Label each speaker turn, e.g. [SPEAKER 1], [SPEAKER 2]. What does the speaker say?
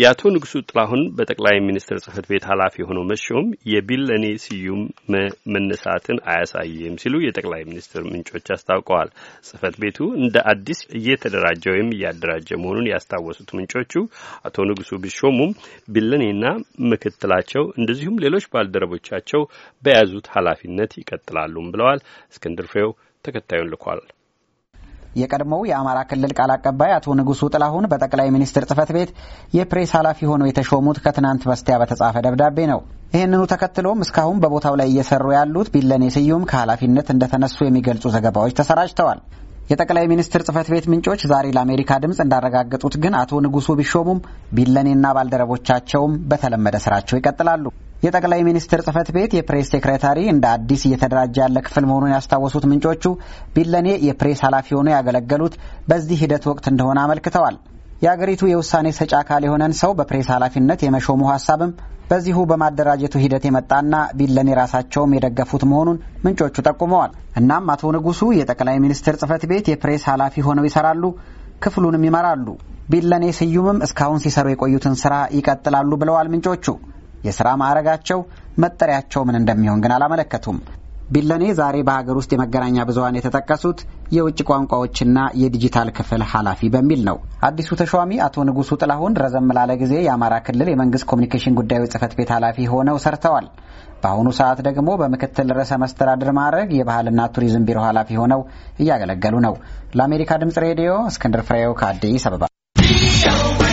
[SPEAKER 1] የአቶ ንጉሱ ጥላሁን በጠቅላይ ሚኒስትር ጽህፈት ቤት ኃላፊ የሆነው መሾም የቢለኔ ስዩም መነሳትን አያሳይም ሲሉ የጠቅላይ ሚኒስትር ምንጮች አስታውቀዋል። ጽህፈት ቤቱ እንደ አዲስ እየተደራጀ ወይም እያደራጀ መሆኑን ያስታወሱት ምንጮቹ አቶ ንጉሱ ቢሾሙም ቢለኔና ምክትላቸው እንደዚሁም ሌሎች ባልደረቦቻቸው በያዙት ኃላፊነት ይቀጥላሉም ብለዋል። እስክንድር ፍሬው ተከታዩን ልኳል።
[SPEAKER 2] የቀድሞው የአማራ ክልል ቃል አቀባይ አቶ ንጉሱ ጥላሁን በጠቅላይ ሚኒስትር ጽህፈት ቤት የፕሬስ ኃላፊ ሆነው የተሾሙት ከትናንት በስቲያ በተጻፈ ደብዳቤ ነው። ይህንኑ ተከትሎም እስካሁን በቦታው ላይ እየሰሩ ያሉት ቢለኔ ስዩም ከኃላፊነት እንደተነሱ የሚገልጹ ዘገባዎች ተሰራጭተዋል። የጠቅላይ ሚኒስትር ጽህፈት ቤት ምንጮች ዛሬ ለአሜሪካ ድምፅ እንዳረጋገጡት ግን አቶ ንጉሱ ቢሾሙም ቢለኔና ባልደረቦቻቸውም በተለመደ ስራቸው ይቀጥላሉ። የጠቅላይ ሚኒስትር ጽህፈት ቤት የፕሬስ ሴክሬታሪ እንደ አዲስ እየተደራጀ ያለ ክፍል መሆኑን ያስታወሱት ምንጮቹ ቢለኔ የፕሬስ ኃላፊ ሆነው ያገለገሉት በዚህ ሂደት ወቅት እንደሆነ አመልክተዋል። የአገሪቱ የውሳኔ ሰጪ አካል የሆነን ሰው በፕሬስ ኃላፊነት የመሾሙ ሀሳብም በዚሁ በማደራጀቱ ሂደት የመጣና ቢለኔ ራሳቸውም የደገፉት መሆኑን ምንጮቹ ጠቁመዋል። እናም አቶ ንጉሱ የጠቅላይ ሚኒስትር ጽህፈት ቤት የፕሬስ ኃላፊ ሆነው ይሰራሉ፣ ክፍሉንም ይመራሉ። ቢለኔ ስዩምም እስካሁን ሲሰሩ የቆዩትን ስራ ይቀጥላሉ ብለዋል ምንጮቹ። የሥራ ማዕረጋቸው፣ መጠሪያቸው ምን እንደሚሆን ግን አላመለከቱም። ቢለኔ ዛሬ በሀገር ውስጥ የመገናኛ ብዙሀን የተጠቀሱት የውጭ ቋንቋዎችና የዲጂታል ክፍል ኃላፊ በሚል ነው። አዲሱ ተሿሚ አቶ ንጉሱ ጥላሁን ረዘም ላለ ጊዜ የአማራ ክልል የመንግስት ኮሚኒኬሽን ጉዳዮች ጽህፈት ቤት ኃላፊ ሆነው ሰርተዋል። በአሁኑ ሰዓት ደግሞ በምክትል ርዕሰ መስተዳድር ማዕረግ የባህልና ቱሪዝም ቢሮ ኃላፊ ሆነው እያገለገሉ ነው። ለአሜሪካ ድምጽ ሬዲዮ እስክንድር ፍሬው ከአዲስ አበባ